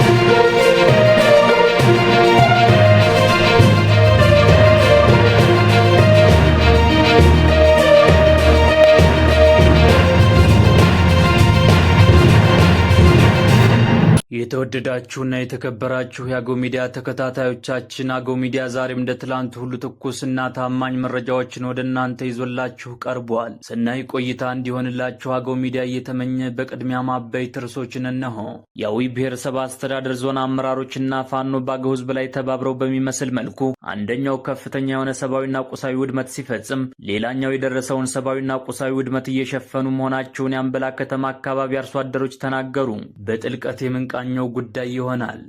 Música የተወደዳችሁና የተከበራችሁ የአገው ሚዲያ ተከታታዮቻችን አገው ሚዲያ ዛሬም እንደ ትላንት ሁሉ ትኩስና ታማኝ መረጃዎችን ወደ እናንተ ይዞላችሁ ቀርቧል። ሰናይ ቆይታ እንዲሆንላችሁ አገው ሚዲያ እየተመኘ በቅድሚያ ማበይት ርዕሶችን እነሆ። የአዊ ብሔረሰብ አስተዳደር ዞን አመራሮችና ፋኖ በአገው ሕዝብ ላይ ተባብረው በሚመስል መልኩ አንደኛው ከፍተኛ የሆነ ሰብአዊና ቁሳዊ ውድመት ሲፈጽም፣ ሌላኛው የደረሰውን ሰብአዊና ቁሳዊ ውድመት እየሸፈኑ መሆናቸውን የአንበላ ከተማ አካባቢ አርሶ አደሮች ተናገሩ። በጥልቀት የምንቃኘ ዋነኛው ጉዳይ ይሆናል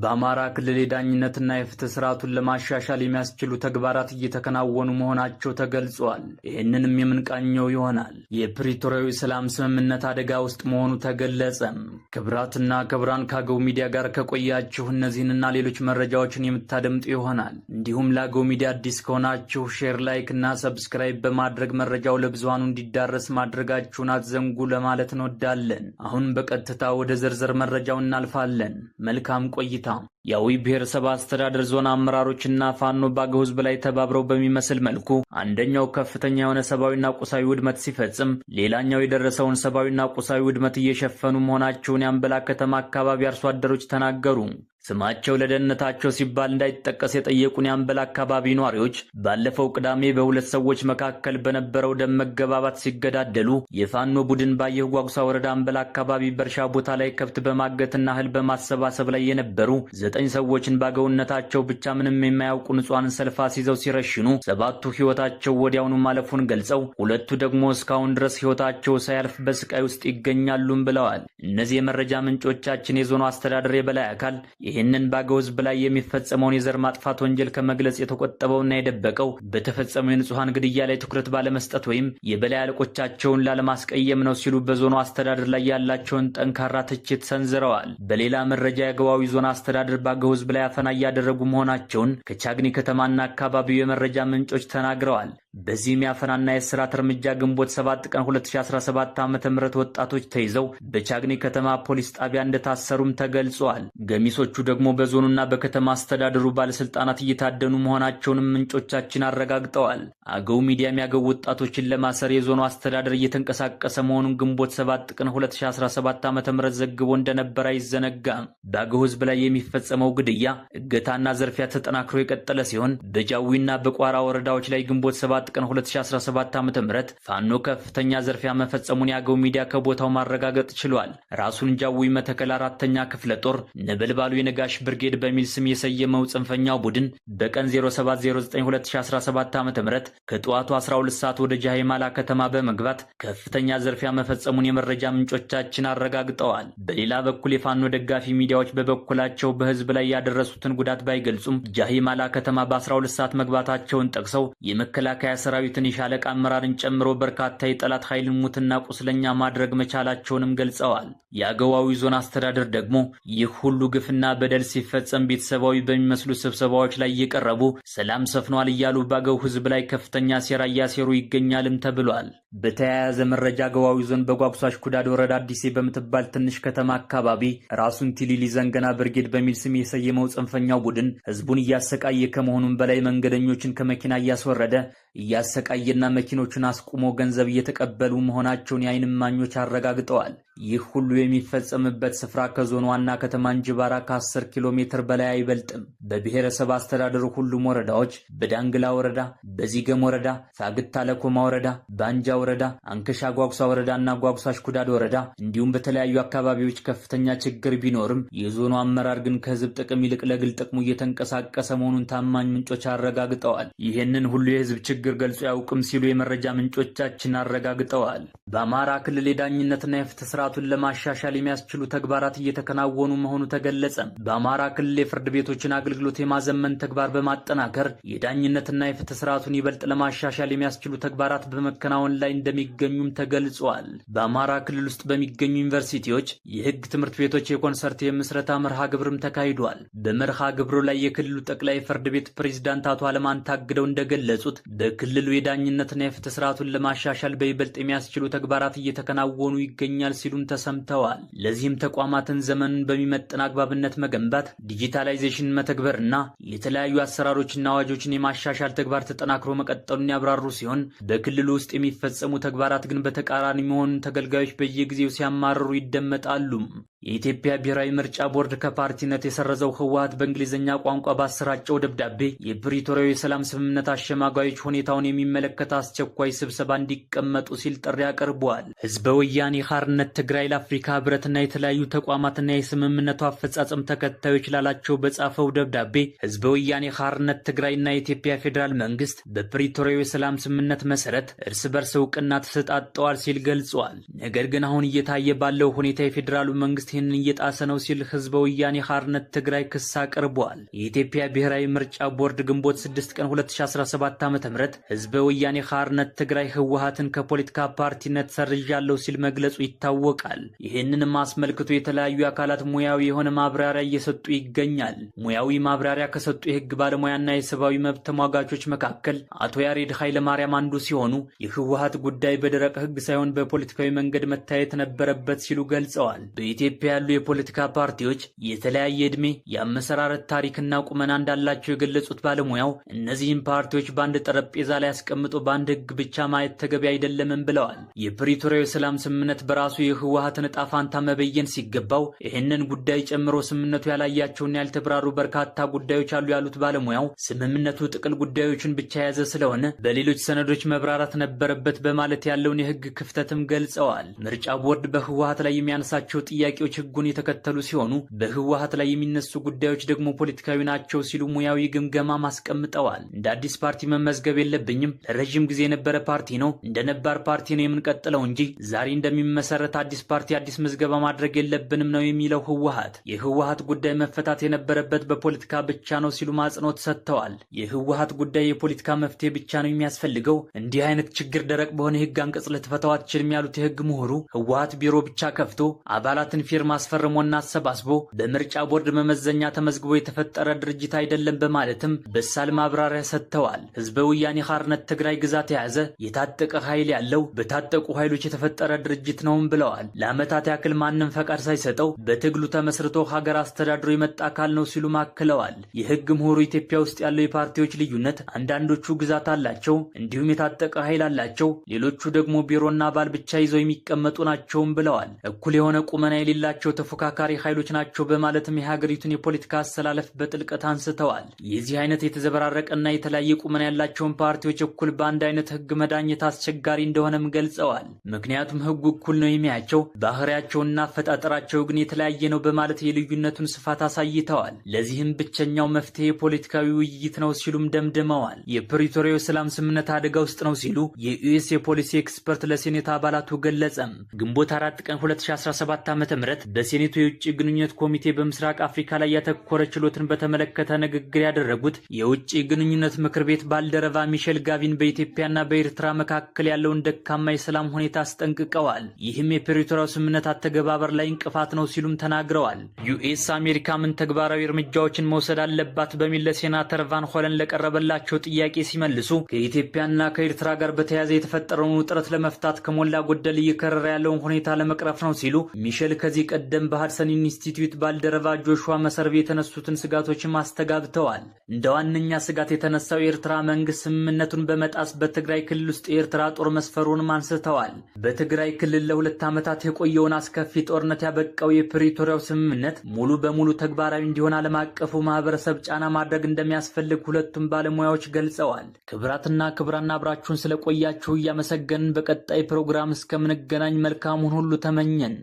በአማራ ክልል የዳኝነትና የፍትህ ስርዓቱን ለማሻሻል የሚያስችሉ ተግባራት እየተከናወኑ መሆናቸው ተገልጿል። ይህንንም የምንቃኘው ይሆናል። የፕሪቶሪያዊ ሰላም ስምምነት አደጋ ውስጥ መሆኑ ተገለጸም። ክብራትና ክብራን ከአገው ሚዲያ ጋር ከቆያችሁ እነዚህንና ሌሎች መረጃዎችን የምታደምጡ ይሆናል። እንዲሁም ለአገው ሚዲያ አዲስ ከሆናችሁ ሼር፣ ላይክ እና ሰብስክራይብ በማድረግ መረጃው ለብዙሃኑ እንዲዳረስ ማድረጋችሁን አትዘንጉ ለማለት እንወዳለን። አሁን በቀጥታ ወደ ዝርዝር መረጃው እናልፋለን። መልካም ቆይ እይታ የአዊ ብሔረሰብ አስተዳደር ዞን አመራሮችና ፋኖ በአገው ሕዝብ ላይ ተባብረው በሚመስል መልኩ አንደኛው ከፍተኛ የሆነ ሰብአዊና ቁሳዊ ውድመት ሲፈጽም፣ ሌላኛው የደረሰውን ሰብአዊና ቁሳዊ ውድመት እየሸፈኑ መሆናቸውን የአምበላ ከተማ አካባቢ አርሶ አደሮች ተናገሩ። ስማቸው ለደህንነታቸው ሲባል እንዳይጠቀስ የጠየቁን የአምበል አካባቢ ነዋሪዎች ባለፈው ቅዳሜ በሁለት ሰዎች መካከል በነበረው ደም መገባባት ሲገዳደሉ የፋኖ ቡድን ባየህ ጓጉሳ ወረዳ አምበል አካባቢ በእርሻ ቦታ ላይ ከብት በማገትና እህል በማሰባሰብ ላይ የነበሩ ዘጠኝ ሰዎችን ባገውነታቸው ብቻ ምንም የማያውቁ ንጹሐንን ሰልፍ አስይዘው ሲረሽኑ ሰባቱ ሕይወታቸው ወዲያውኑ ማለፉን ገልጸው ሁለቱ ደግሞ እስካሁን ድረስ ሕይወታቸው ሳያልፍ በስቃይ ውስጥ ይገኛሉም ብለዋል። እነዚህ የመረጃ ምንጮቻችን የዞኑ አስተዳደር የበላይ አካል ይህንን በአገው ህዝብ ላይ የሚፈጸመውን የዘር ማጥፋት ወንጀል ከመግለጽ የተቆጠበውና የደበቀው በተፈጸመው የንጹሐን ግድያ ላይ ትኩረት ባለመስጠት ወይም የበላይ አለቆቻቸውን ላለማስቀየም ነው ሲሉ በዞኑ አስተዳደር ላይ ያላቸውን ጠንካራ ትችት ሰንዝረዋል። በሌላ መረጃ የአገባዊ ዞን አስተዳደር በአገው ህዝብ ላይ አፈና እያደረጉ መሆናቸውን ከቻግኒ ከተማና አካባቢው የመረጃ ምንጮች ተናግረዋል። በዚህም የአፈናና የእስራት እርምጃ ግንቦት 7 ቀን 2017 ዓ ም ወጣቶች ተይዘው በቻግኒ ከተማ ፖሊስ ጣቢያ እንደታሰሩም ተገልጿል። ገሚሶቹ ደግሞ በዞኑና በከተማ አስተዳደሩ ባለስልጣናት እየታደኑ መሆናቸውንም ምንጮቻችን አረጋግጠዋል። አገው ሚዲያ የሚያገቡ ወጣቶችን ለማሰር የዞኑ አስተዳደር እየተንቀሳቀሰ መሆኑን ግንቦት 7 ቀን 2017 ዓ.ም ዘግቦ እንደነበር አይዘነጋም። በአገው ሕዝብ ላይ የሚፈጸመው ግድያ፣ እገታና ዘርፊያ ተጠናክሮ የቀጠለ ሲሆን በጃዊና በቋራ ወረዳዎች ላይ ግንቦት 7 ቀን 2017 ዓም ፋኖ ከፍተኛ ዘርፊያ መፈጸሙን የአገው ሚዲያ ከቦታው ማረጋገጥ ችሏል። ራሱን ጃዊ መተከል አራተኛ ክፍለ ጦር ነበልባሉ የነጋሽ ብርጌድ በሚል ስም የሰየመው ጽንፈኛው ቡድን በቀን 07092017 ዓም ም ከጠዋቱ 12 ሰዓት ወደ ጃሄማላ ከተማ በመግባት ከፍተኛ ዘርፊያ መፈጸሙን የመረጃ ምንጮቻችን አረጋግጠዋል። በሌላ በኩል የፋኖ ደጋፊ ሚዲያዎች በበኩላቸው በህዝብ ላይ ያደረሱትን ጉዳት ባይገልጹም ጃሄማላ ከተማ በ12 ሰዓት መግባታቸውን ጠቅሰው የመከላከያ ሰራዊትን የሻለቃ አመራርን ጨምሮ በርካታ የጠላት ኃይል ሙትና ቁስለኛ ማድረግ መቻላቸውንም ገልጸዋል። የአገዋዊ ዞን አስተዳደር ደግሞ ይህ ሁሉ ግፍና በደል ሲፈጸም ቤተሰባዊ በሚመስሉ ስብሰባዎች ላይ እየቀረቡ ሰላም ሰፍኗል እያሉ ባገው ህዝብ ላይ ከፍ ከፍተኛ ሴራ እያሴሩ ይገኛልም ተብሏል። በተያያዘ መረጃ ገዋዊ ዞን በጓጉሳሽ ኩዳድ ወረዳ አዲሴ በምትባል ትንሽ ከተማ አካባቢ ራሱን ቲሊሊ ዘንገና ብርጌድ በሚል ስም የሰየመው ጽንፈኛው ቡድን ህዝቡን እያሰቃየ ከመሆኑም በላይ መንገደኞችን ከመኪና እያስወረደ እያሰቃየና መኪኖቹን አስቁሞ ገንዘብ እየተቀበሉ መሆናቸውን የአይን እማኞች አረጋግጠዋል። ይህ ሁሉ የሚፈጸምበት ስፍራ ከዞን ዋና ከተማ እንጅባራ ከ10 ኪሎ ሜትር በላይ አይበልጥም። በብሔረሰብ አስተዳደሩ ሁሉም ወረዳዎች በዳንግላ ወረዳ፣ በዚገም ወረዳ፣ ፋግታ ለኮማ ወረዳ፣ ባንጃ ወረዳ፣ አንከሻ ጓጉሳ ወረዳ እና ጓጉሳ ሽኩዳድ ወረዳ እንዲሁም በተለያዩ አካባቢዎች ከፍተኛ ችግር ቢኖርም የዞኑ አመራር ግን ከህዝብ ጥቅም ይልቅ ለግል ጥቅሙ እየተንቀሳቀሰ መሆኑን ታማኝ ምንጮች አረጋግጠዋል። ይህንን ሁሉ የህዝብ ችግር ችግር ገልጾ ያውቅም ሲሉ የመረጃ ምንጮቻችን አረጋግጠዋል። በአማራ ክልል የዳኝነትና የፍትህ ስርዓቱን ለማሻሻል የሚያስችሉ ተግባራት እየተከናወኑ መሆኑ ተገለጸ። በአማራ ክልል የፍርድ ቤቶችን አገልግሎት የማዘመን ተግባር በማጠናከር የዳኝነትና የፍትህ ስርዓቱን ይበልጥ ለማሻሻል የሚያስችሉ ተግባራት በመከናወን ላይ እንደሚገኙም ተገልጿል። በአማራ ክልል ውስጥ በሚገኙ ዩኒቨርሲቲዎች የህግ ትምህርት ቤቶች የኮንሰርት የምስረታ መርሃ ግብርም ተካሂዷል። በመርሃ ግብሩ ላይ የክልሉ ጠቅላይ ፍርድ ቤት ፕሬዚዳንት አቶ አለማን ታግደው እንደገለጹት በክልሉ የዳኝነትና የፍትህ ስርዓቱን ለማሻሻል በይበልጥ የሚያስችሉ ተግባራት እየተከናወኑ ይገኛል ሲሉም ተሰምተዋል። ለዚህም ተቋማትን ዘመኑን በሚመጥን አግባብነት መገንባት፣ ዲጂታላይዜሽን መተግበርና የተለያዩ አሰራሮችና አዋጆችን የማሻሻል ተግባር ተጠናክሮ መቀጠሉን ያብራሩ ሲሆን በክልሉ ውስጥ የሚፈጸሙ ተግባራት ግን በተቃራኒ መሆኑን ተገልጋዮች በየጊዜው ሲያማርሩ ይደመጣሉ። የኢትዮጵያ ብሔራዊ ምርጫ ቦርድ ከፓርቲነት የሰረዘው ህወሀት በእንግሊዝኛ ቋንቋ ባሰራጨው ደብዳቤ የፕሪቶሪያው የሰላም ስምምነት አሸማጋዮች ሁኔታውን የሚመለከት አስቸኳይ ስብሰባ እንዲቀመጡ ሲል ጥሪ አቅርበዋል። ህዝበ ወያኔ ሓርነት ትግራይ ለአፍሪካ ህብረትና የተለያዩ ተቋማትና የስምምነቱ አፈጻጸም ተከታዮች ላላቸው በጻፈው ደብዳቤ ህዝበ ወያኔ ትግራይ ትግራይና የኢትዮጵያ ፌዴራል መንግስት በፕሪቶሪያው የሰላም ስምምነት መሰረት እርስ በርስ እውቅና ተሰጣጠዋል ሲል ገልጿል። ነገር ግን አሁን እየታየ ባለው ሁኔታ የፌዴራሉ መንግስት መንግስት ይህንን እየጣሰ ነው ሲል ህዝበ ወያኔ ሐርነት ትግራይ ክስ አቅርቧል። የኢትዮጵያ ብሔራዊ ምርጫ ቦርድ ግንቦት 6 ቀን 2017 ዓ ም ህዝበ ወያኔ ሐርነት ትግራይ ህወሀትን ከፖለቲካ ፓርቲነት ሰርዣለሁ ሲል መግለጹ ይታወቃል። ይህንንም አስመልክቶ የተለያዩ አካላት ሙያዊ የሆነ ማብራሪያ እየሰጡ ይገኛል። ሙያዊ ማብራሪያ ከሰጡ የህግ ባለሙያና የሰብአዊ መብት ተሟጋቾች መካከል አቶ ያሬድ ኃይለማርያም አንዱ ሲሆኑ የህወሀት ጉዳይ በደረቅ ህግ ሳይሆን በፖለቲካዊ መንገድ መታየት ነበረበት ሲሉ ገልጸዋል። በኢትዮ በኢትዮጵያ ያሉ የፖለቲካ ፓርቲዎች የተለያየ ዕድሜ የአመሰራረት ታሪክና ቁመና እንዳላቸው የገለጹት ባለሙያው እነዚህም ፓርቲዎች በአንድ ጠረጴዛ ላይ አስቀምጦ በአንድ ሕግ ብቻ ማየት ተገቢ አይደለምም ብለዋል። የፕሪቶሪያ የሰላም ስምምነት በራሱ የህወሀትን ዕጣ መበየን ሲገባው ይህንን ጉዳይ ጨምሮ ስምምነቱ ያላያቸውና ያልተብራሩ በርካታ ጉዳዮች አሉ ያሉት ባለሙያው ስምምነቱ ጥቅል ጉዳዮችን ብቻ የያዘ ስለሆነ በሌሎች ሰነዶች መብራራት ነበረበት በማለት ያለውን የህግ ክፍተትም ገልጸዋል። ምርጫ ቦርድ በህወሀት ላይ የሚያነሳቸው ጥያቄዎች ፓርቲዎች ህጉን የተከተሉ ሲሆኑ በህወሀት ላይ የሚነሱ ጉዳዮች ደግሞ ፖለቲካዊ ናቸው ሲሉ ሙያዊ ግምገማ ማስቀምጠዋል። እንደ አዲስ ፓርቲ መመዝገብ የለብኝም። ለረዥም ጊዜ የነበረ ፓርቲ ነው። እንደ ነባር ፓርቲ ነው የምንቀጥለው እንጂ ዛሬ እንደሚመሰረት አዲስ ፓርቲ አዲስ ምዝገባ ማድረግ የለብንም ነው የሚለው ህወሀት። የህወሀት ጉዳይ መፈታት የነበረበት በፖለቲካ ብቻ ነው ሲሉ ማጽንኦት ሰጥተዋል። የህወሀት ጉዳይ የፖለቲካ መፍትሄ ብቻ ነው የሚያስፈልገው። እንዲህ አይነት ችግር ደረቅ በሆነ የህግ አንቀጽ ልትፈታው አትችልም ያሉት የህግ ምሁሩ ህወሀት ቢሮ ብቻ ከፍቶ አባላትን ፊርማ አስፈርሞና አሰባስቦ በምርጫ ቦርድ መመዘኛ ተመዝግቦ የተፈጠረ ድርጅት አይደለም በማለትም በሳል ማብራሪያ ሰጥተዋል። ህዝበ ወያኔ ሓርነት ትግራይ ግዛት የያዘ የታጠቀ ኃይል ያለው በታጠቁ ኃይሎች የተፈጠረ ድርጅት ነውም ብለዋል። ለዓመታት ያክል ማንም ፈቃድ ሳይሰጠው በትግሉ ተመስርቶ ሀገር አስተዳድሮ የመጣ አካል ነው ሲሉ ማክለዋል። የህግ ምሁሩ ኢትዮጵያ ውስጥ ያለው የፓርቲዎች ልዩነት አንዳንዶቹ ግዛት አላቸው፣ እንዲሁም የታጠቀ ኃይል አላቸው፣ ሌሎቹ ደግሞ ቢሮና አባል ብቻ ይዘው የሚቀመጡ ናቸውም ብለዋል። እኩል የሆነ ቁመና የሌላ የሌላቸው ተፎካካሪ ኃይሎች ናቸው በማለትም የሀገሪቱን የፖለቲካ አሰላለፍ በጥልቀት አንስተዋል። የዚህ አይነት የተዘበራረቀና የተለያየ ቁመና ያላቸውን ፓርቲዎች እኩል በአንድ አይነት ህግ መዳኘት አስቸጋሪ እንደሆነም ገልጸዋል። ምክንያቱም ህጉ እኩል ነው የሚያቸው ባህሪያቸውና አፈጣጠራቸው ግን የተለያየ ነው በማለት የልዩነቱን ስፋት አሳይተዋል። ለዚህም ብቸኛው መፍትሄ ፖለቲካዊ ውይይት ነው ሲሉም ደምድመዋል። የፕሪቶሪያው ሰላም ስምምነት አደጋ ውስጥ ነው ሲሉ የዩኤስ የፖሊሲ ኤክስፐርት ለሴኔት አባላቱ ገለጸም። ግንቦት አራት ቀን 2017 ዓ ም መሰረት በሴኔቱ የውጭ ግንኙነት ኮሚቴ በምስራቅ አፍሪካ ላይ ያተኮረ ችሎትን በተመለከተ ንግግር ያደረጉት የውጭ ግንኙነት ምክር ቤት ባልደረባ ሚሼል ጋቪን በኢትዮጵያና በኤርትራ መካከል ያለውን ደካማ የሰላም ሁኔታ አስጠንቅቀዋል። ይህም የፕሪቶሪያው ስምምነት አተገባበር ላይ እንቅፋት ነው ሲሉም ተናግረዋል። ዩኤስ አሜሪካ ምን ተግባራዊ እርምጃዎችን መውሰድ አለባት በሚል ለሴናተር ቫን ሆለን ለቀረበላቸው ጥያቄ ሲመልሱ ከኢትዮጵያና ከኤርትራ ጋር በተያያዘ የተፈጠረውን ውጥረት ለመፍታት ከሞላ ጎደል እየከረረ ያለውን ሁኔታ ለመቅረፍ ነው ሲሉ ሚሼል ከዚህ ቀደም በሀድሰን ኢንስቲትዩት ባልደረባ ጆሹዋ መሰርቤ የተነሱትን ስጋቶችም አስተጋብተዋል። እንደ ዋነኛ ስጋት የተነሳው የኤርትራ መንግስት ስምምነቱን በመጣስ በትግራይ ክልል ውስጥ የኤርትራ ጦር መስፈሩንም አንስተዋል። በትግራይ ክልል ለሁለት ዓመታት የቆየውን አስከፊ ጦርነት ያበቃው የፕሪቶሪያው ስምምነት ሙሉ በሙሉ ተግባራዊ እንዲሆን ዓለም አቀፉ ማህበረሰብ ጫና ማድረግ እንደሚያስፈልግ ሁለቱም ባለሙያዎች ገልጸዋል። ክብራትና ክብራና አብራችሁን ስለቆያችሁ እያመሰገንን በቀጣይ ፕሮግራም እስከምንገናኝ መልካሙን ሁሉ ተመኘን።